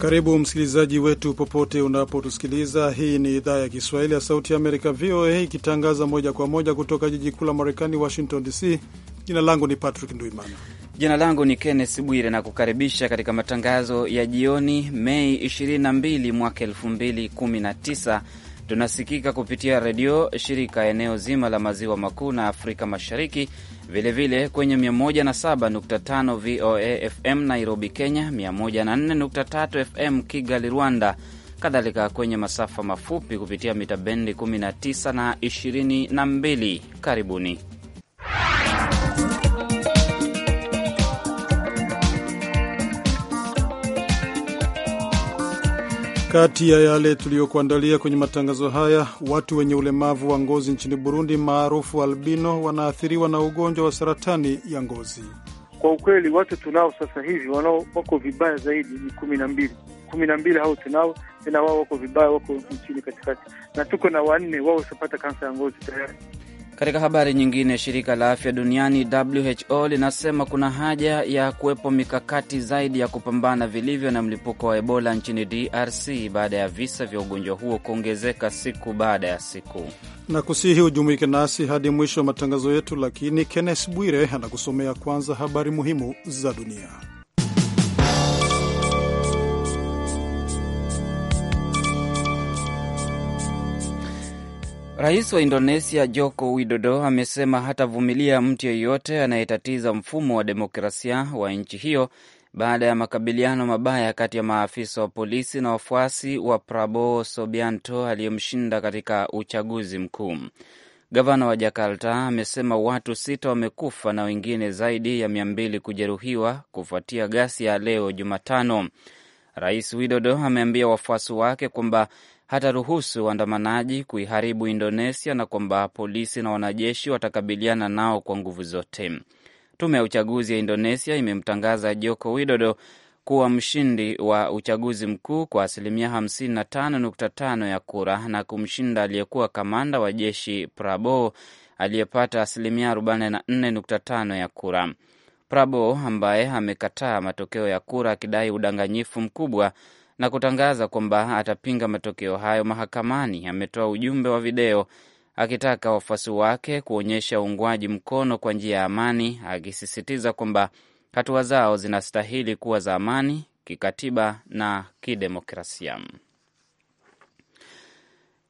Karibu msikilizaji wetu popote unapotusikiliza. Hii ni idhaa ya Kiswahili ya Sauti ya Amerika, VOA, ikitangaza moja kwa moja kutoka jiji kuu la Marekani, Washington DC. Jina langu ni Patrick Nduimana. Jina langu ni Kenneth Bwire na kukaribisha katika matangazo ya jioni Mei 22 mwaka 2019 Tunasikika kupitia redio shirika eneo zima la maziwa makuu na Afrika Mashariki, vilevile vile kwenye 107.5 VOA FM Nairobi, Kenya, 104.3 FM Kigali, Rwanda, kadhalika kwenye masafa mafupi kupitia mita bendi 19 na 22. Karibuni. Kati ya yale tuliyokuandalia kwenye matangazo haya, watu wenye ulemavu wa ngozi nchini Burundi maarufu albino wanaathiriwa na ugonjwa wa saratani ya ngozi. Kwa ukweli watu tunao sasa hivi wanao wako vibaya zaidi ni kumi na mbili kumi na mbili hao tunao tena, wao wako vibaya, wako nchini katikati, na tuko na wanne wao wasiopata kansa ya ngozi tayari. Katika habari nyingine, shirika la afya duniani WHO linasema kuna haja ya kuwepo mikakati zaidi ya kupambana vilivyo na mlipuko wa Ebola nchini DRC baada ya visa vya ugonjwa huo kuongezeka siku baada ya siku. Na kusihi hujumuike nasi hadi mwisho wa matangazo yetu, lakini kennes Bwire anakusomea kwanza habari muhimu za dunia. Rais wa Indonesia Joko Widodo amesema hatavumilia mtu yeyote anayetatiza mfumo wa demokrasia wa nchi hiyo baada ya makabiliano mabaya kati ya maafisa wa polisi na wafuasi wa Prabowo sobianto aliyemshinda katika uchaguzi mkuu. Gavana wa Jakarta amesema watu sita wamekufa na wengine zaidi ya mia mbili kujeruhiwa kufuatia ghasia leo Jumatano. Rais Widodo ameambia wafuasi wake kwamba hataruhusu waandamanaji kuiharibu Indonesia na kwamba polisi na wanajeshi watakabiliana nao kwa nguvu zote. Tume ya uchaguzi ya Indonesia imemtangaza Joko Widodo kuwa mshindi wa uchaguzi mkuu kwa asilimia 55.5 ya kura na kumshinda aliyekuwa kamanda wa jeshi Prabowo aliyepata asilimia 44.5 ya kura. Prabowo ambaye amekataa matokeo ya kura akidai udanganyifu mkubwa na kutangaza kwamba atapinga matokeo hayo mahakamani. Ametoa ujumbe wa video akitaka wafuasi wake kuonyesha uungwaji mkono kwa njia ya amani, akisisitiza kwamba hatua zao zinastahili kuwa za amani kikatiba na kidemokrasia.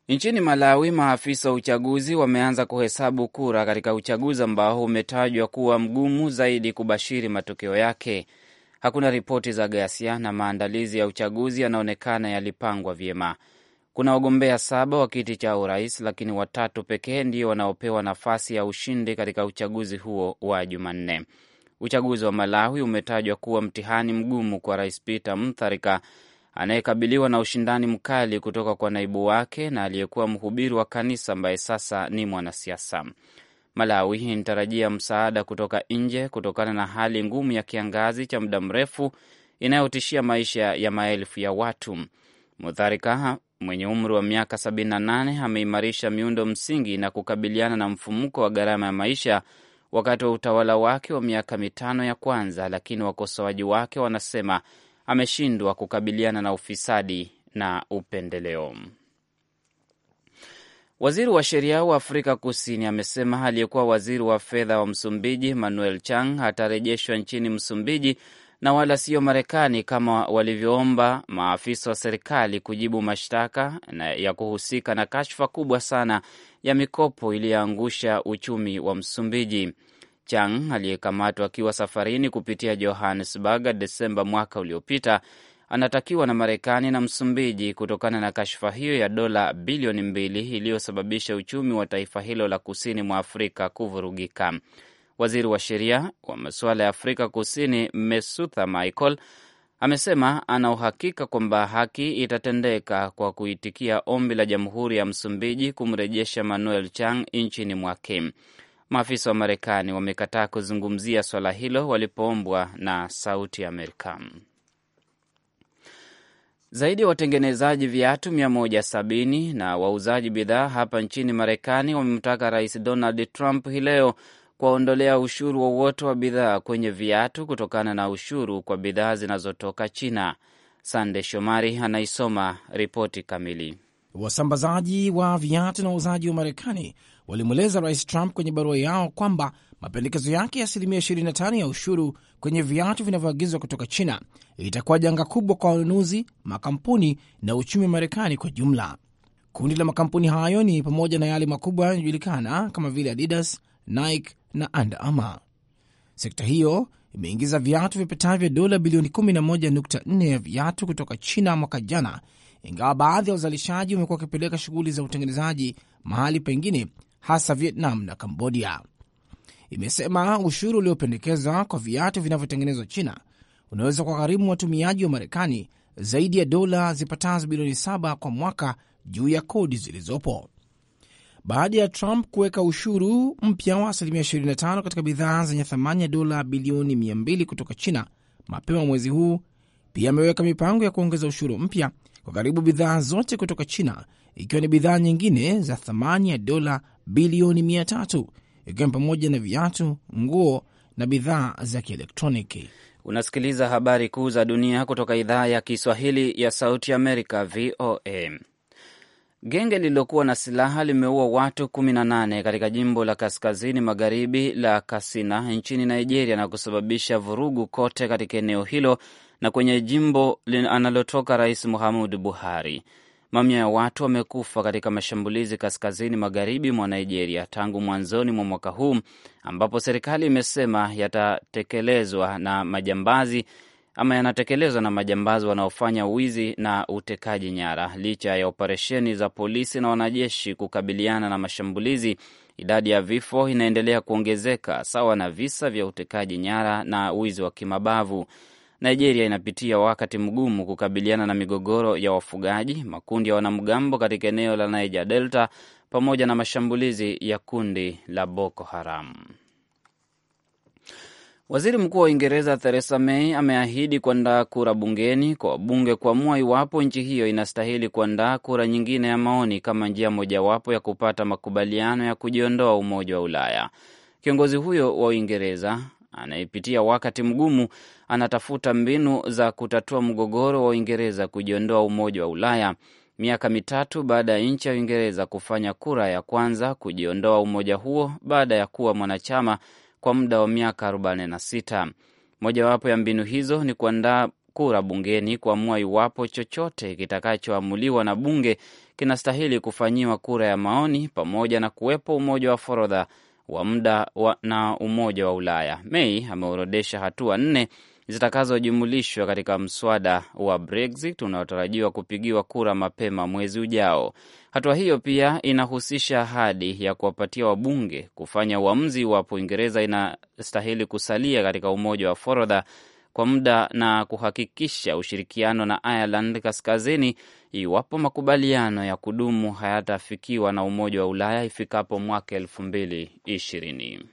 Nchini Malawi, maafisa wa uchaguzi wameanza kuhesabu kura katika uchaguzi ambao umetajwa kuwa mgumu zaidi kubashiri matokeo yake hakuna ripoti za ghasia na maandalizi ya uchaguzi yanaonekana yalipangwa vyema. Kuna wagombea saba wa kiti cha urais, lakini watatu pekee ndio wanaopewa nafasi ya ushindi katika uchaguzi huo wa Jumanne. Uchaguzi wa Malawi umetajwa kuwa mtihani mgumu kwa Rais Peter Mutharika anayekabiliwa na ushindani mkali kutoka kwa naibu wake na aliyekuwa mhubiri wa kanisa ambaye sasa ni mwanasiasa. Malawi inatarajia msaada kutoka nje kutokana na hali ngumu ya kiangazi cha muda mrefu inayotishia maisha ya maelfu ya watu. Mutharika mwenye umri wa miaka 78 ameimarisha miundo msingi na kukabiliana na mfumuko wa gharama ya maisha wakati wa utawala wake wa miaka mitano ya kwanza, lakini wakosoaji wake wanasema ameshindwa kukabiliana na ufisadi na upendeleo. Waziri wa sheria wa Afrika Kusini amesema aliyekuwa waziri wa fedha wa Msumbiji Manuel Chang atarejeshwa nchini Msumbiji na wala sio Marekani kama walivyoomba maafisa wa serikali kujibu mashtaka ya kuhusika na kashfa kubwa sana ya mikopo iliyoangusha uchumi wa Msumbiji. Chang aliyekamatwa akiwa safarini kupitia Johannesburg Desemba mwaka uliopita anatakiwa na Marekani na Msumbiji kutokana na kashfa hiyo ya dola bilioni mbili iliyosababisha uchumi wa taifa hilo la kusini mwa Afrika kuvurugika. Waziri wa sheria wa masuala ya Afrika Kusini Mesutha Michael amesema ana uhakika kwamba haki itatendeka kwa kuitikia ombi la jamhuri ya Msumbiji kumrejesha Manuel Chang nchini mwake. Maafisa wa Marekani wamekataa kuzungumzia swala hilo walipoombwa na Sauti Amerika. Zaidi ya watengenezaji viatu 170 na wauzaji bidhaa hapa nchini Marekani wamemtaka Rais Donald Trump hii leo kuwaondolea ushuru wowote wa, wa bidhaa kwenye viatu kutokana na ushuru kwa bidhaa zinazotoka China. Sande Shomari anaisoma ripoti kamili. Wasambazaji wa viatu na wauzaji wa Marekani walimweleza Rais Trump kwenye barua yao kwamba mapendekezo yake ya asilimia 25 ya ushuru kwenye viatu vinavyoagizwa kutoka China itakuwa janga kubwa kwa wanunuzi, makampuni na uchumi wa Marekani kwa jumla. Kundi la makampuni hayo ni pamoja na yale makubwa yanayojulikana kama vile Adidas, Nike na Under Armour. Sekta hiyo imeingiza viatu vipatavyo dola bilioni 11.4 ya viatu kutoka China mwaka jana, ingawa baadhi ya uzalishaji wamekuwa wakipeleka shughuli za utengenezaji mahali pengine, hasa Vietnam na Cambodia imesema ushuru uliopendekezwa kwa viatu vinavyotengenezwa China unaweza kuwagharimu watumiaji wa Marekani zaidi ya dola zipatazo bilioni saba kwa mwaka juu ya kodi zilizopo. Baada ya Trump kuweka ushuru mpya wa asilimia 25 katika bidhaa zenye thamani ya dola bilioni 200 kutoka China mapema mwezi huu, pia ameweka mipango ya kuongeza ushuru mpya kwa karibu bidhaa zote kutoka China, ikiwa ni bidhaa nyingine za thamani ya dola bilioni ikiwa ni pamoja na viatu, nguo na bidhaa za kielektroniki. Unasikiliza habari kuu za dunia kutoka idhaa ya Kiswahili ya Sauti Amerika, VOA. Genge lililokuwa na silaha limeua watu 18 katika jimbo la kaskazini magharibi la Katsina nchini Nigeria na kusababisha vurugu kote katika eneo hilo na kwenye jimbo analotoka Rais Muhammadu Buhari. Mamia ya watu wamekufa katika mashambulizi kaskazini magharibi mwa Nigeria tangu mwanzoni mwa mwaka huu, ambapo serikali imesema yatatekelezwa na majambazi ama yanatekelezwa na majambazi wanaofanya wizi na utekaji nyara. Licha ya operesheni za polisi na wanajeshi kukabiliana na mashambulizi, idadi ya vifo inaendelea kuongezeka sawa na visa vya utekaji nyara na wizi wa kimabavu. Nigeria inapitia wakati mgumu kukabiliana na migogoro ya wafugaji, makundi ya wanamgambo katika eneo la Niger Delta pamoja na mashambulizi ya kundi la Boko Haram. Waziri Mkuu wa Uingereza Theresa May ameahidi kuandaa kura bungeni kwa wabunge kuamua iwapo nchi hiyo inastahili kuandaa kura nyingine ya maoni kama njia mojawapo ya kupata makubaliano ya kujiondoa Umoja wa Ulaya. Kiongozi huyo wa Uingereza anayepitia wakati mgumu anatafuta mbinu za kutatua mgogoro wa Uingereza kujiondoa Umoja wa Ulaya, miaka mitatu baada ya nchi ya Uingereza kufanya kura ya kwanza kujiondoa umoja huo baada ya kuwa mwanachama kwa muda wa miaka 46. Mojawapo ya mbinu hizo ni kuandaa kura bungeni kuamua iwapo chochote kitakachoamuliwa na bunge kinastahili kufanyiwa kura ya maoni, pamoja na kuwepo umoja wa forodha wa muda na Umoja wa Ulaya. Mei ameorodesha hatua nne zitakazojumulishwa katika mswada wa Brexit unaotarajiwa kupigiwa kura mapema mwezi ujao. Hatua hiyo pia inahusisha ahadi ya kuwapatia wabunge kufanya uamuzi iwapo Uingereza inastahili kusalia katika umoja wa forodha kwa muda na kuhakikisha ushirikiano na Ireland Kaskazini iwapo makubaliano ya kudumu hayatafikiwa na Umoja wa Ulaya ifikapo mwaka elfu mbili ishirini.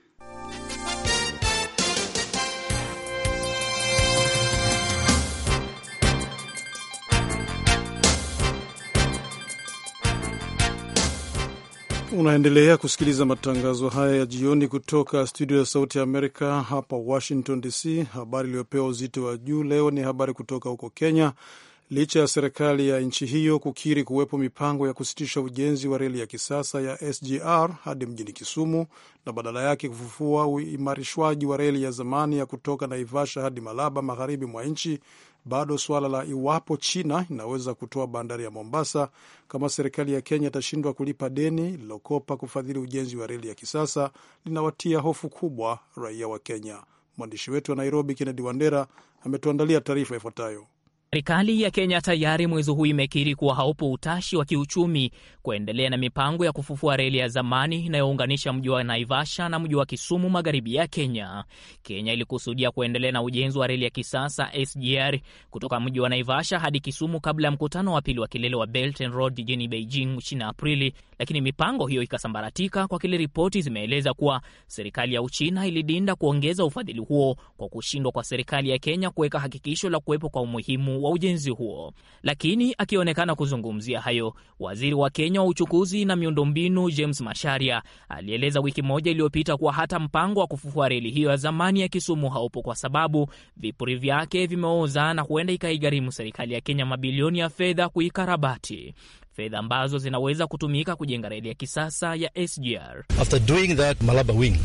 Unaendelea kusikiliza matangazo haya ya jioni kutoka studio ya Sauti ya Amerika hapa Washington DC. Habari iliyopewa uzito wa juu leo ni habari kutoka huko Kenya. Licha ya serikali ya nchi hiyo kukiri kuwepo mipango ya kusitisha ujenzi wa reli ya kisasa ya SGR hadi mjini Kisumu na badala yake kufufua uimarishwaji wa reli ya zamani ya kutoka Naivasha hadi Malaba magharibi mwa nchi, bado suala la iwapo China inaweza kutoa bandari ya Mombasa kama serikali ya Kenya itashindwa kulipa deni lilokopa kufadhili ujenzi wa reli ya kisasa linawatia hofu kubwa raia wa Kenya. Mwandishi wetu wa Nairobi, Kennedy Wandera, ametuandalia taarifa ifuatayo. Serikali ya Kenya tayari mwezi huu imekiri kuwa haupo utashi wa kiuchumi kuendelea na mipango ya kufufua reli ya zamani inayounganisha mji wa Naivasha na mji wa Kisumu magharibi ya Kenya. Kenya ilikusudia kuendelea na ujenzi wa reli ya kisasa SGR kutoka mji wa Naivasha hadi Kisumu kabla ya mkutano wa pili wa kilele wa Belt and Road jijini Beijing nchini Aprili, lakini mipango hiyo ikasambaratika kwa kile ripoti zimeeleza kuwa serikali ya Uchina ilidinda kuongeza ufadhili huo kwa kushindwa kwa serikali ya Kenya kuweka hakikisho la kuwepo kwa umuhimu wa ujenzi huo. Lakini akionekana kuzungumzia hayo, waziri wa Kenya wa uchukuzi na miundombinu James Masharia alieleza wiki moja iliyopita kuwa hata mpango wa kufufua reli hiyo ya zamani ya Kisumu haupo kwa sababu vipuri vyake vimeoza na huenda ikaigharimu serikali ya Kenya mabilioni ya fedha kuikarabati fedha ambazo zinaweza kutumika kujenga reli ya kisasa ya SGR. After doing that, Malaba wing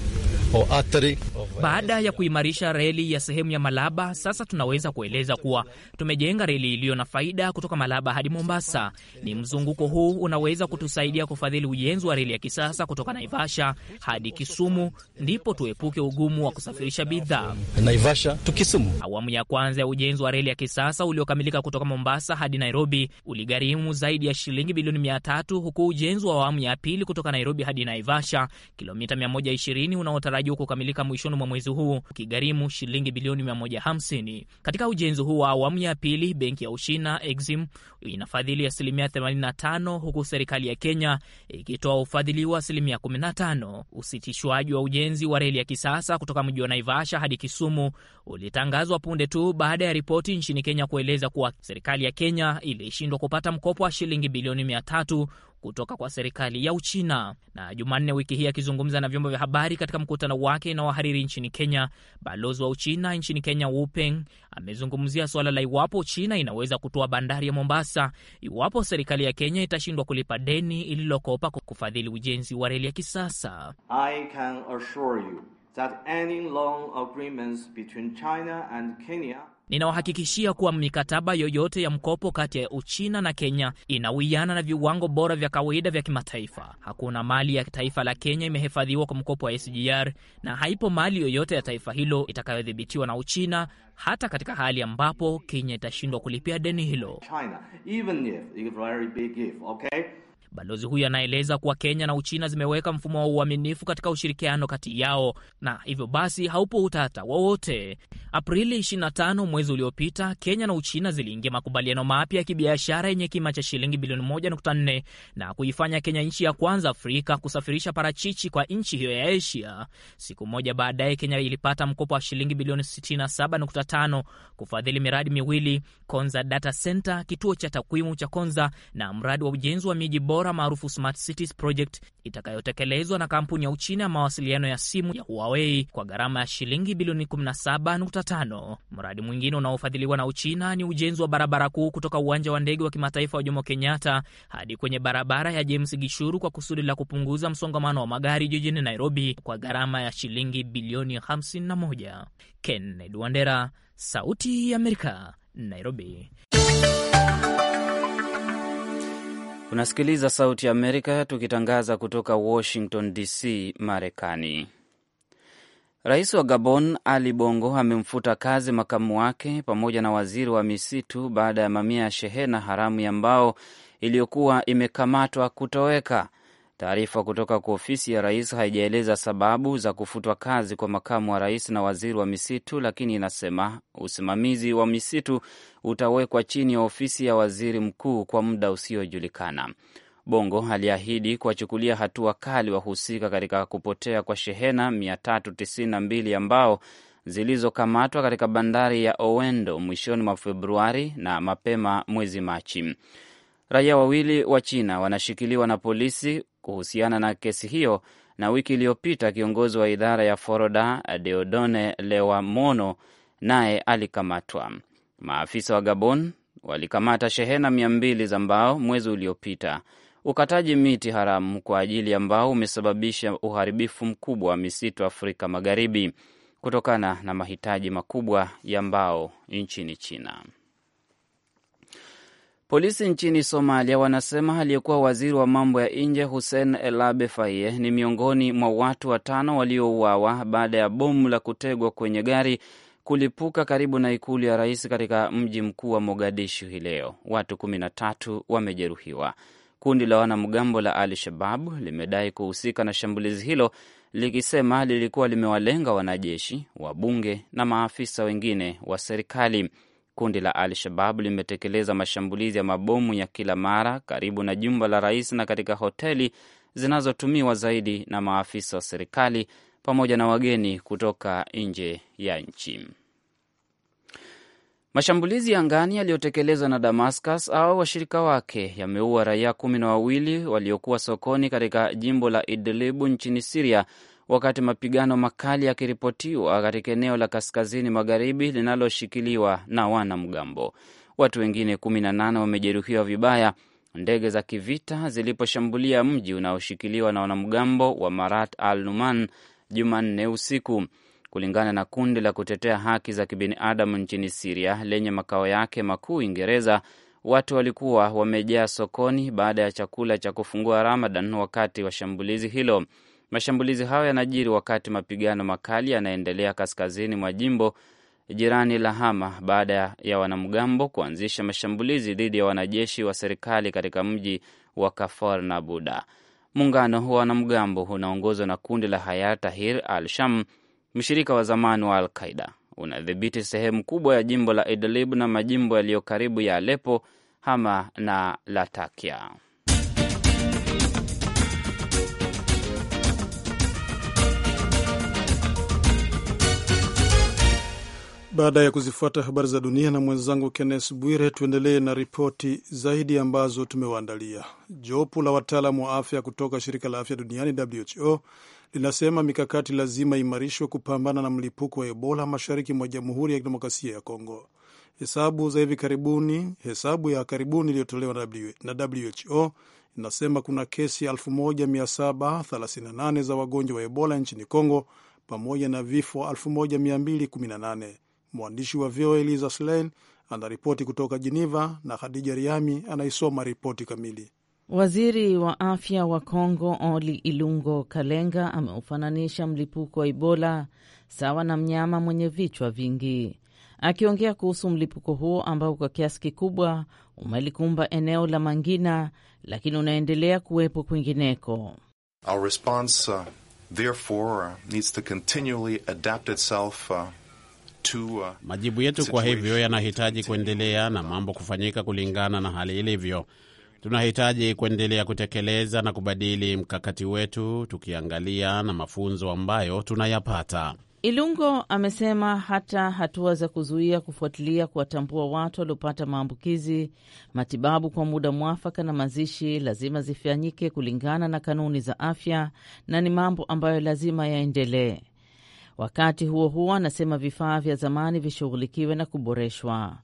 or artery baada ya kuimarisha reli ya sehemu ya Malaba, sasa tunaweza kueleza kuwa tumejenga reli iliyo na faida kutoka Malaba hadi Mombasa. Ni mzunguko huu unaweza kutusaidia kufadhili ujenzi wa reli ya kisasa kutoka Naivasha hadi Kisumu, ndipo tuepuke ugumu wa kusafirisha bidhaa Naivasha to Kisumu. Awamu ya kwanza ya ujenzi wa reli ya kisasa uliokamilika kutoka Mombasa hadi Nairobi uligharimu zaidi ya shilingi bilioni mia tatu huku ujenzi wa awamu ya pili kutoka Nairobi hadi Naivasha kilomita 120 unaotarajiwa kukamilika mwishoni mwa mwezi huu ukigharimu shilingi bilioni 150. Katika ujenzi huu wa awamu ya pili, benki ya Ushina Exim inafadhili asilimia 85, huku serikali ya Kenya ikitoa ufadhili wa asilimia 15. Usitishwaji wa ujenzi wa reli ya kisasa kutoka mji wa Naivasha hadi Kisumu ulitangazwa punde tu baada ya ripoti nchini Kenya kueleza kuwa serikali ya Kenya ilishindwa kupata mkopo wa shilingi bilioni 300 kutoka kwa serikali ya Uchina. Na Jumanne wiki hii akizungumza na vyombo vya habari katika mkutano wake na wahariri nchini Kenya, balozi wa Uchina nchini Kenya wupeng amezungumzia suala la iwapo China inaweza kutoa bandari ya Mombasa iwapo serikali ya Kenya itashindwa kulipa deni ililokopa kwa kufadhili ujenzi wa reli ya kisasa. I can assure you that any agreements between China and Kenya Ninawahakikishia kuwa mikataba yoyote ya mkopo kati ya Uchina na Kenya inawiana na viwango bora vya kawaida vya kimataifa. Hakuna mali ya taifa la Kenya imehifadhiwa kwa mkopo wa SGR na haipo mali yoyote ya taifa hilo itakayodhibitiwa na Uchina hata katika hali ambapo Kenya itashindwa kulipia deni hilo China, even if, if very big if, okay? Balozi huyo anaeleza kuwa Kenya na Uchina zimeweka mfumo wa uaminifu katika ushirikiano kati yao na hivyo basi haupo utata wowote. Aprili 25 mwezi uliopita, Kenya na Uchina ziliingia makubaliano mapya ya kibiashara yenye kima cha shilingi bilioni 1.4 na kuifanya Kenya nchi ya kwanza Afrika kusafirisha parachichi kwa nchi hiyo ya Asia. Siku moja baadaye, Kenya ilipata mkopo wa shilingi bilioni 67.5 kufadhili miradi miwili, Konza Data Center, kituo cha takwimu cha Konza na mradi wa ujenzi wa miji bora bora maarufu Smart Cities Project itakayotekelezwa na kampuni ya Uchina ya mawasiliano ya simu ya Huawei kwa gharama ya shilingi bilioni 17.5. Mradi mwingine unaofadhiliwa na Uchina ni ujenzi wa barabara kuu kutoka uwanja wa ndege wa kimataifa wa Jomo Kenyatta hadi kwenye barabara ya James Gishuru kwa kusudi la kupunguza msongamano wa magari jijini Nairobi kwa gharama ya shilingi bilioni 51. Kennedy Wandera, Sauti ya Amerika, Nairobi. Unasikiliza Sauti ya Amerika tukitangaza kutoka Washington DC, Marekani. Rais wa Gabon Ali Bongo amemfuta kazi makamu wake pamoja na waziri wa misitu baada ya mamia ya shehena haramu ya mbao iliyokuwa imekamatwa kutoweka. Taarifa kutoka kwa ofisi ya rais haijaeleza sababu za kufutwa kazi kwa makamu wa rais na waziri wa misitu, lakini inasema usimamizi wa misitu utawekwa chini ya ofisi ya waziri mkuu kwa muda usiojulikana. Bongo aliahidi kuwachukulia hatua kali wahusika katika kupotea kwa shehena 392 ambao zilizokamatwa katika bandari ya Owendo mwishoni mwa Februari na mapema mwezi Machi. Raia wawili wa China wanashikiliwa na polisi kuhusiana na kesi hiyo, na wiki iliyopita kiongozi wa idara ya foroda Deodone Lewamono naye alikamatwa. Maafisa wa Gabon walikamata shehena mia mbili za mbao mwezi uliopita. Ukataji miti haramu kwa ajili ya mbao umesababisha uharibifu mkubwa wa misitu Afrika Magharibi kutokana na mahitaji makubwa ya mbao nchini China. Polisi nchini Somalia wanasema aliyekuwa waziri wa mambo ya nje Hussein Elabe Faye ni miongoni mwa watu watano waliouawa baada ya bomu la kutegwa kwenye gari kulipuka karibu na ikulu ya rais katika mji mkuu wa Mogadishu hii leo. Watu kumi na tatu wamejeruhiwa. Kundi la wanamgambo la Al Shababu limedai kuhusika na shambulizi hilo likisema lilikuwa limewalenga wanajeshi, wabunge na maafisa wengine wa serikali. Kundi la Al Shabab limetekeleza mashambulizi ya mabomu ya kila mara karibu na jumba la rais na katika hoteli zinazotumiwa zaidi na maafisa wa serikali pamoja na wageni kutoka nje ya nchi. Mashambulizi ya angani yaliyotekelezwa na Damascus au washirika wake yameua raia kumi na wawili waliokuwa sokoni katika jimbo la Idlibu nchini Siria wakati mapigano makali yakiripotiwa katika eneo la kaskazini magharibi linaloshikiliwa na wanamgambo. Watu wengine 18 wamejeruhiwa vibaya ndege za kivita ziliposhambulia mji unaoshikiliwa na wanamgambo wa Marat al Numan Jumanne usiku, kulingana na kundi la kutetea haki za kibinadamu nchini Siria lenye makao yake makuu Uingereza. Watu walikuwa wamejaa sokoni baada ya chakula cha kufungua Ramadan wakati wa shambulizi hilo. Mashambulizi hayo yanajiri wakati mapigano makali yanaendelea kaskazini mwa jimbo jirani la Hama baada ya wanamgambo kuanzisha mashambulizi dhidi ya wanajeshi wa serikali katika mji wa Kafar na Buda. Muungano wa wanamgambo unaongozwa na kundi la Hayat Tahrir al-Sham, mshirika wa zamani wa Al-Qaida, unadhibiti sehemu kubwa ya jimbo la Idlib na majimbo yaliyo karibu ya Aleppo, Hama na Latakia. Baada ya kuzifuata habari za dunia na mwenzangu Kennes Bwire, tuendelee na ripoti zaidi ambazo tumewaandalia. Jopo la wataalamu wa afya kutoka shirika la afya duniani WHO linasema mikakati lazima imarishwe kupambana na mlipuko wa Ebola mashariki mwa Jamhuri ya Kidemokrasia ya Kongo. Hesabu za hivi karibuni, hesabu ya karibuni iliyotolewa na WHO inasema kuna kesi 1738 za wagonjwa wa Ebola nchini Kongo pamoja na vifo 1218. Mwandishi wa VOA Eliza Slein anaripoti kutoka Jeneva na Khadija Riami anaisoma ripoti kamili. Waziri wa afya wa Kongo Oli Ilungo Kalenga ameufananisha mlipuko wa Ebola sawa na mnyama mwenye vichwa vingi. Akiongea kuhusu mlipuko huo ambao kwa kiasi kikubwa umelikumba eneo la Mangina, lakini unaendelea kuwepo kwingineko. Our response, uh, therefore, uh, needs to continually adapt itself, uh uh, majibu yetu kwa hivyo yanahitaji kuendelea na mambo kufanyika kulingana na hali ilivyo. Tunahitaji kuendelea kutekeleza na kubadili mkakati wetu tukiangalia na mafunzo ambayo tunayapata. Ilungo amesema hata hatua za kuzuia, kufuatilia, kuwatambua watu waliopata maambukizi, matibabu kwa muda mwafaka na mazishi lazima zifanyike kulingana na kanuni za afya na ni mambo ambayo lazima yaendelee. Wakati huo huo, anasema vifaa vya zamani vishughulikiwe na kuboreshwa.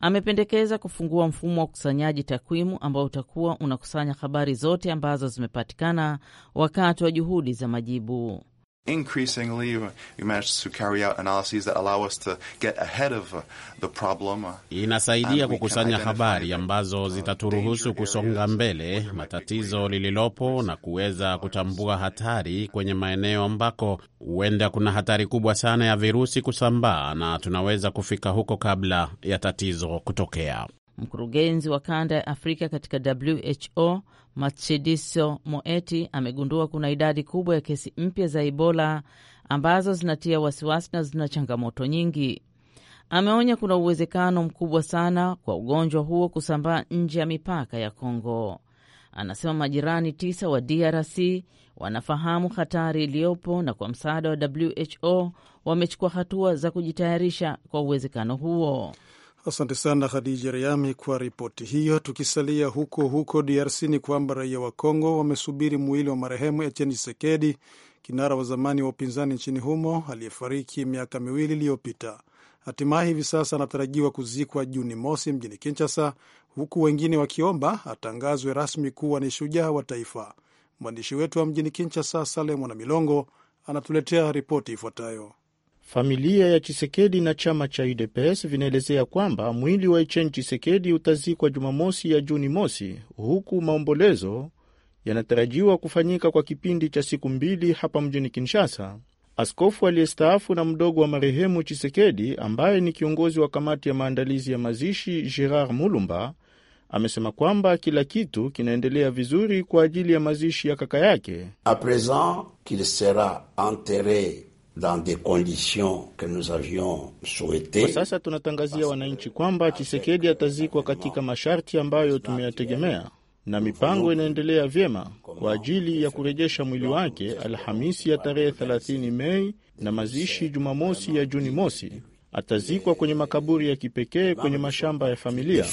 Amependekeza kufungua mfumo wa ukusanyaji takwimu ambao utakuwa unakusanya habari zote ambazo zimepatikana wakati wa juhudi za majibu. Increasingly, we managed to carry out analyses that allow us to get ahead of uh, the problem. Uh, Inasaidia kukusanya habari ambazo uh, zitaturuhusu kusonga mbele matatizo lililopo na kuweza kutambua hatari kwenye maeneo ambako huenda kuna hatari kubwa sana ya virusi kusambaa na tunaweza kufika huko kabla ya tatizo kutokea. Mkurugenzi wa kanda ya Afrika katika WHO Matshidiso Moeti amegundua kuna idadi kubwa ya kesi mpya za Ebola ambazo zinatia wasiwasi na zina changamoto nyingi. Ameonya kuna uwezekano mkubwa sana kwa ugonjwa huo kusambaa nje ya mipaka ya Kongo. Anasema majirani tisa wa DRC wanafahamu hatari iliyopo na kwa msaada wa WHO wamechukua hatua za kujitayarisha kwa uwezekano huo. Asante sana Khadija Riami kwa ripoti hiyo. Tukisalia huko huko DRC ni kwamba raia wa Kongo wamesubiri mwili wa marehemu Etienne Tshisekedi, kinara wa zamani wa upinzani nchini humo aliyefariki miaka miwili iliyopita. Hatimaye hivi sasa anatarajiwa kuzikwa Juni mosi mjini Kinshasa, huku wengine wakiomba atangazwe rasmi kuwa ni shujaa wa taifa. Mwandishi wetu wa mjini Kinshasa, Salemu na Milongo, anatuletea ripoti ifuatayo. Familia ya Chisekedi na chama cha UDPS vinaelezea kwamba mwili wa Etienne Chisekedi utazikwa Jumamosi ya Juni mosi, huku maombolezo yanatarajiwa kufanyika kwa kipindi cha siku mbili hapa mjini Kinshasa. Askofu aliyestaafu na mdogo wa marehemu Chisekedi ambaye ni kiongozi wa kamati ya maandalizi ya mazishi Gerard Mulumba amesema kwamba kila kitu kinaendelea vizuri kwa ajili ya mazishi ya kaka yake. A present qu'il sera enterre dans des conditions que nous avions souhaitées. Kwa sasa tunatangazia wananchi kwamba Chisekedi atazikwa katika masharti ambayo tumeyategemea na mipango inaendelea vyema kwa ajili ya kurejesha mwili wake Alhamisi ya tarehe 30 Mei na mazishi Jumamosi ya Juni mosi. Atazikwa kwenye makaburi ya kipekee kwenye mashamba ya familia.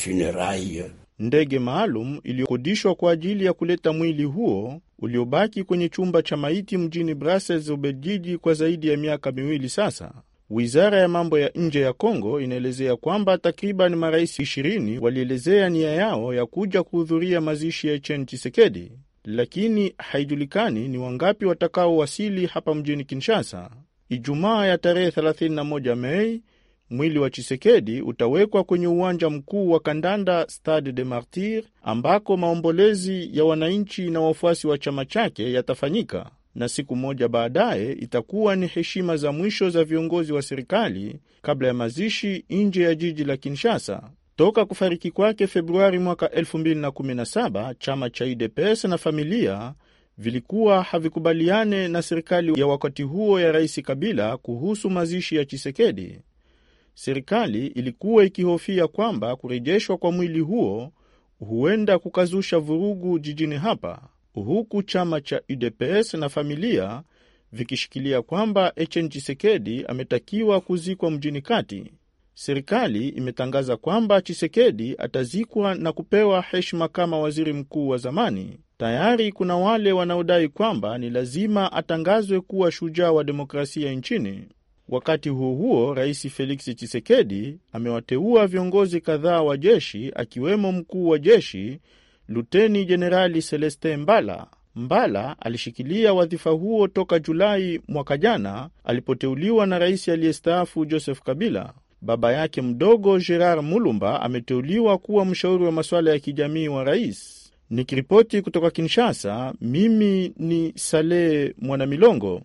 Ndege maalum iliyokodishwa kwa ajili ya kuleta mwili huo uliobaki kwenye chumba cha maiti mjini Brussels, Ubelgiji, kwa zaidi ya miaka miwili sasa. Wizara ya mambo ya nje ya Kongo inaelezea kwamba takriban marais 20 walielezea nia yao ya kuja kuhudhuria mazishi ya chen chisekedi lakini haijulikani ni wangapi watakaowasili hapa mjini Kinshasa. Ijumaa ya tarehe 31 Mei, Mwili wa Chisekedi utawekwa kwenye uwanja mkuu wa kandanda Stade de Martir, ambako maombolezi ya wananchi na wafuasi wa chama chake yatafanyika, na siku moja baadaye itakuwa ni heshima za mwisho za viongozi wa serikali kabla ya mazishi nje ya jiji la Kinshasa. Toka kufariki kwake Februari mwaka 2017 chama cha UDPS na familia vilikuwa havikubaliane na serikali ya wakati huo ya Rais Kabila kuhusu mazishi ya Chisekedi. Serikali ilikuwa ikihofia kwamba kurejeshwa kwa mwili huo huenda kukazusha vurugu jijini hapa, huku chama cha UDPS na familia vikishikilia kwamba Etienne Chisekedi ametakiwa kuzikwa mjini kati. Serikali imetangaza kwamba Chisekedi atazikwa na kupewa heshima kama waziri mkuu wa zamani. Tayari kuna wale wanaodai kwamba ni lazima atangazwe kuwa shujaa wa demokrasia nchini. Wakati huo huo, Rais Felix Chisekedi amewateua viongozi kadhaa wa jeshi akiwemo mkuu wa jeshi Luteni Jenerali Celeste Mbala. Mbala alishikilia wadhifa huo toka Julai mwaka jana alipoteuliwa na rais aliyestaafu Joseph Kabila. Baba yake mdogo Gerard Mulumba ameteuliwa kuwa mshauri wa masuala ya kijamii wa rais. Nikiripoti kutoka Kinshasa, mimi ni Saleh Mwanamilongo.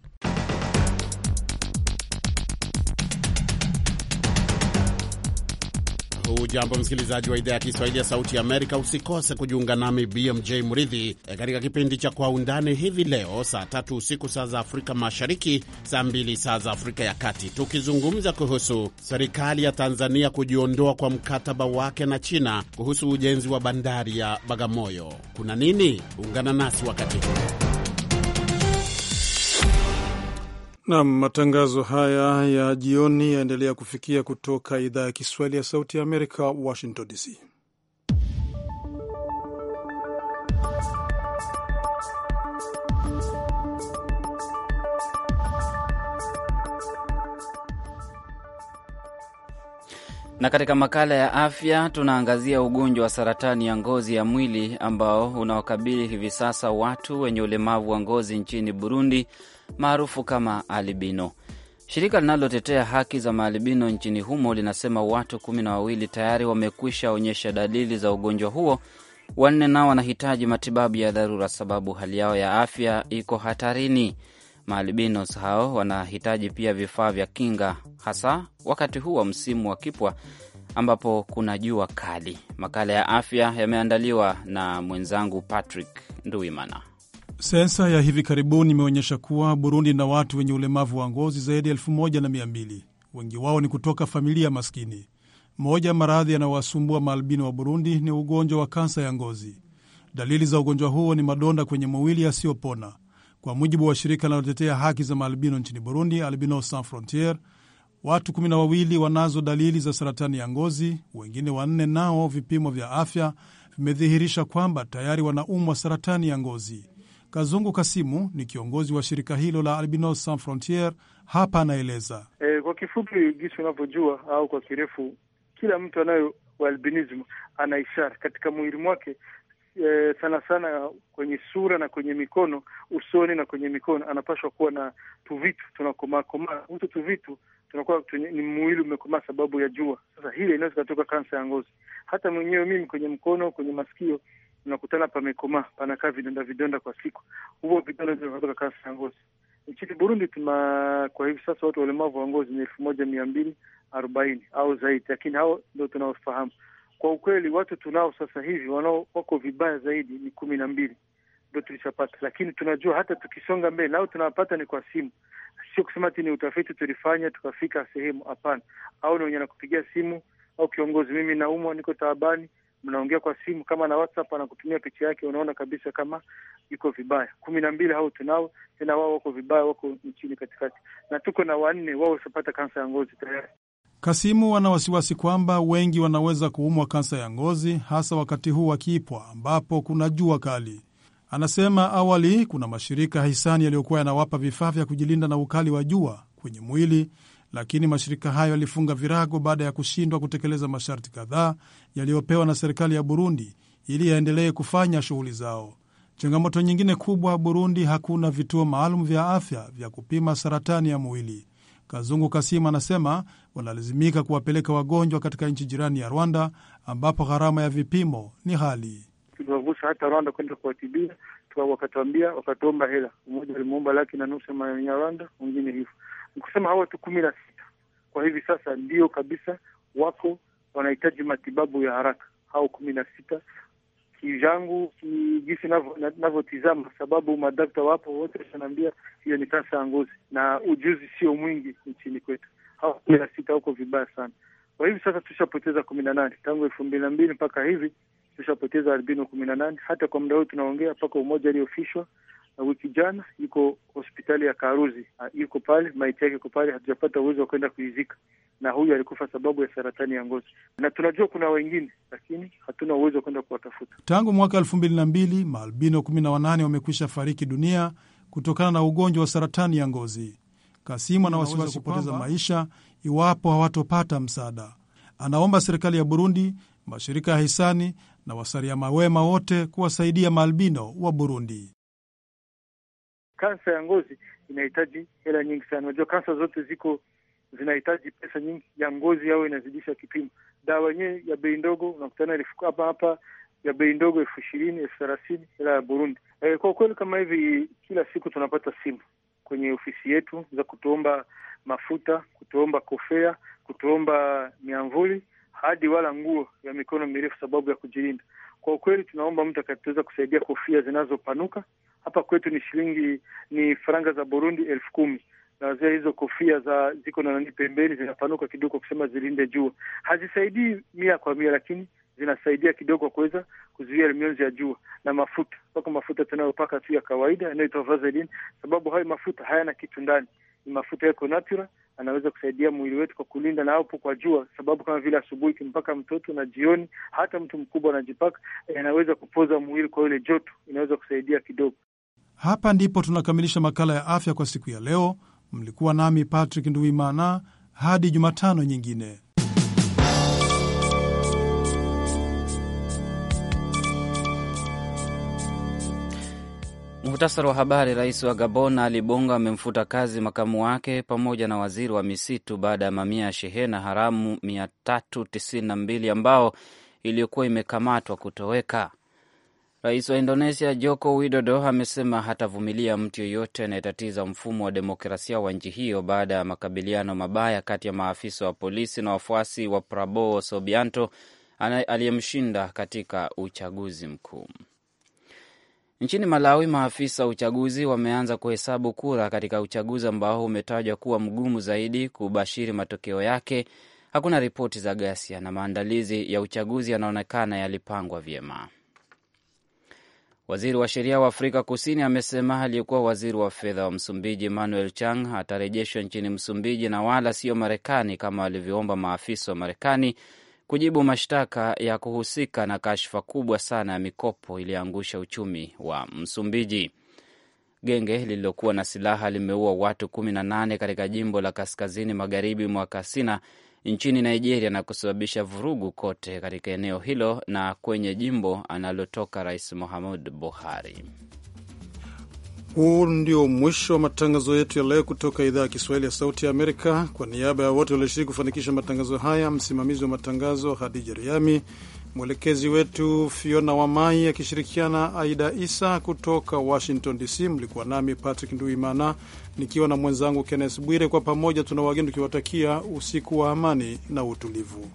ujambo msikilizaji wa idhaa ya Kiswahili ya Sauti ya Amerika. Usikose kujiunga nami BMJ Mridhi katika kipindi cha Kwa Undani hivi leo saa tatu usiku saa za Afrika Mashariki, saa mbili saa za Afrika ya Kati, tukizungumza kuhusu serikali ya Tanzania kujiondoa kwa mkataba wake na China kuhusu ujenzi wa bandari ya Bagamoyo. Kuna nini? Ungana nasi wakati huu. Nam, matangazo haya ya jioni yaendelea kufikia kutoka idhaa ya Kiswahili ya Sauti ya Amerika, Washington DC. Na katika makala ya afya tunaangazia ugonjwa wa saratani ya ngozi ya mwili ambao unawakabili hivi sasa watu wenye ulemavu wa ngozi nchini Burundi, maarufu kama albino. Shirika linalotetea haki za maalbino nchini humo linasema watu kumi na wawili tayari wamekwisha onyesha dalili za ugonjwa huo, wanne nao wanahitaji matibabu ya dharura sababu hali yao ya afya iko hatarini. Maalbinos hao wanahitaji pia vifaa vya kinga, hasa wakati huu wa msimu wa kipwa ambapo kuna jua kali. Makala ya afya yameandaliwa na mwenzangu Patrick Nduimana. Sensa ya hivi karibuni imeonyesha kuwa Burundi na watu wenye ulemavu wa ngozi zaidi ya elfu moja na mia mbili, wengi wao ni kutoka familia maskini. Moja ya maradhi yanayowasumbua maalbino wa Burundi ni ugonjwa wa kansa ya ngozi. Dalili za ugonjwa huo ni madonda kwenye mwili yasiyopona kwa mujibu wa shirika linalotetea haki za maalbino nchini Burundi, Albino Sans Frontiere, watu kumi na wawili wanazo dalili za saratani ya ngozi. Wengine wanne nao vipimo vya afya vimedhihirisha kwamba tayari wanaumwa saratani ya ngozi. Kazungu Kasimu ni kiongozi wa shirika hilo la Albino Sans Frontiere. Hapa anaeleza e, kwa kifupi, gisi unavyojua au kwa kirefu, kila mtu anayo albinism ana ishara katika mwili wake e, sana sana kwenye sura na kwenye mikono, usoni na kwenye mikono, anapaswa kuwa na tuvitu tunakomakomaa. Hutu tuvitu tunakuwa ni mwili umekomaa sababu ya jua. Sasa hili inaweza ikatoka kansa ya ngozi. Hata mwenyewe mimi kwenye mkono, kwenye masikio nakutana pamekomaa, panakaa vidonda vidonda kwa siku, huo vidonda vinatoka kansa ya ngozi. Nchini Burundi tuna kwa hivi sasa watu walemavu wa ngozi ni elfu moja mia mbili arobaini au zaidi, lakini hao ndo tunaofahamu. Kwa ukweli watu tunao sasa hivi wanao wako vibaya zaidi ni kumi na mbili ndo tulishapata, lakini tunajua hata tukisonga mbele au tunawapata ni kwa simu. Sio kusema ti ni utafiti tulifanya tukafika sehemu, hapana. Au ni wenye nakupigia simu au kiongozi, mimi naumwa, niko taabani, mnaongea kwa simu, kama na WhatsApp anakutumia picha yake, unaona kabisa kama iko vibaya. kumi na mbili hao tunao tena, wao wako vibaya, wako nchini katikati, na tuko na wanne wao washapata kansa ya ngozi tayari. Kasimu ana wasiwasi kwamba wengi wanaweza kuumwa kansa ya ngozi, hasa wakati huu wa kipwa ambapo kuna jua kali. Anasema awali kuna mashirika hisani yaliyokuwa yanawapa vifaa vya kujilinda na ukali wa jua kwenye mwili, lakini mashirika hayo yalifunga virago baada ya kushindwa kutekeleza masharti kadhaa yaliyopewa na serikali ya Burundi ili yaendelee kufanya shughuli zao. Changamoto nyingine kubwa, Burundi hakuna vituo maalum vya afya vya kupima saratani ya mwili. Kazungu Kasima anasema wanalazimika kuwapeleka wagonjwa katika nchi jirani ya Rwanda ambapo gharama ya vipimo ni hali Tuliwavusha hata Rwanda kwenda kuwatibia, wakatuambia, wakatuomba hela. Mmoja alimuomba laki na nusu ya Rwanda, mwingine hivo Nikusema hawa watu kumi na sita kwa hivi sasa ndio kabisa wako wanahitaji matibabu ya haraka. Hao kumi na sita kijangu kijisi navyotizama, sababu madakta wapo wote, wanaambia hiyo ni kansa ya ngozi na ujuzi sio mwingi nchini kwetu, Hawa kumi na sita huko vibaya sana. Kwa hivi sasa tushapoteza kumi na nane tangu elfu mbili na mbili mpaka hivi tushapoteza albino kumi na nane. Hata kwa muda huu tunaongea, mpaka umoja aliyofishwa wiki jana, yuko hospitali ya Karuzi, yuko pale, maiti yake iko pale, hatujapata uwezo wa kwenda kuizika na huyu alikufa sababu ya saratani ya ngozi, na tunajua kuna wengine, lakini hatuna uwezo wa kwenda kuwatafuta. Tangu mwaka elfu mbili na mbili maalbino kumi na wanane wamekwisha fariki dunia kutokana na ugonjwa wa saratani ya ngozi. Kasimu ana wasiwasi kupoteza maisha iwapo hawatopata msaada. Anaomba serikali ya Burundi, mashirika ya hisani na wasariamawema wote kuwasaidia maalbino wa Burundi. Kansa ya ngozi inahitaji hela nyingi sana. Unajua kansa zote ziko zinahitaji pesa nyingi, ya ngozi au inazidisha kipimo. Dawa yenyewe ya bei ndogo unakutana elfu hapa hapa ya bei ndogo elfu ishirini elfu thelathini hela ya Burundi. E, kwa ukweli kama hivi kila siku tunapata simu kwenye ofisi yetu za kutuomba mafuta, kutuomba kofea kutuomba miamvuli hadi wala nguo ya mikono mirefu sababu ya kujilinda. Kwa ukweli tunaomba mtu akatuweza kusaidia kofia zinazopanuka hapa kwetu ni shilingi ni faranga za Burundi elfu kumi na zile hizo kofia za ziko na nani pembeni zinapanuka kidogo kusema zilinde jua, hazisaidii mia kwa mia, lakini zinasaidia kidogo kuweza kuzuia mionzi ya jua na mafuta. mpaka mafuta tunayopaka tu ya kawaida yanayoitwa vaseline, sababu hayo mafuta hayana kitu ndani, ni mafuta yako natural, anaweza kusaidia mwili wetu kwa kulinda na hapo kwa jua, sababu kama vile asubuhi kimpaka mtoto na jioni hata mtu mkubwa anajipaka, anaweza kupoza mwili kwa ile joto, inaweza kusaidia kidogo. Hapa ndipo tunakamilisha makala ya afya kwa siku ya leo. Mlikuwa nami Patrick Nduimana hadi Jumatano nyingine. Muhtasari wa habari. Rais wa Gabon Ali Bongo amemfuta kazi makamu wake pamoja na waziri wa misitu baada ya mamia ya shehena haramu 392 ambao iliyokuwa imekamatwa kutoweka. Rais wa Indonesia Joko Widodo amesema hatavumilia mtu yeyote anayetatiza mfumo wa demokrasia wa nchi hiyo baada ya makabiliano mabaya kati ya maafisa wa polisi na wafuasi wa Prabowo sobianto aliyemshinda katika uchaguzi mkuu. Nchini Malawi, maafisa uchaguzi wameanza kuhesabu kura katika uchaguzi ambao umetajwa kuwa mgumu zaidi kubashiri matokeo yake. Hakuna ripoti za ghasia na maandalizi ya uchaguzi yanaonekana yalipangwa vyema. Waziri wa sheria wa Afrika Kusini amesema aliyekuwa waziri wa fedha wa Msumbiji Manuel Chang atarejeshwa nchini Msumbiji na wala sio Marekani kama walivyoomba maafisa wa Marekani kujibu mashtaka ya kuhusika na kashfa kubwa sana ya mikopo iliyoangusha uchumi wa Msumbiji. Genge lililokuwa na silaha limeua watu 18 katika jimbo la kaskazini magharibi mwa Kasina nchini Nigeria na kusababisha vurugu kote katika eneo hilo na kwenye jimbo analotoka Rais Muhammadu Buhari. Huu ndio mwisho wa matangazo yetu ya leo kutoka idhaa ya Kiswahili ya Sauti ya Amerika. Kwa niaba ya wote walioshiriki kufanikisha matangazo haya, msimamizi wa matangazo Hadija Riami, Mwelekezi wetu Fiona Wamai akishirikiana Aida Isa kutoka Washington DC. Mlikuwa nami Patrick Nduimana nikiwa na mwenzangu Kennes Bwire, kwa pamoja tuna wageni tukiwatakia usiku wa amani na utulivu.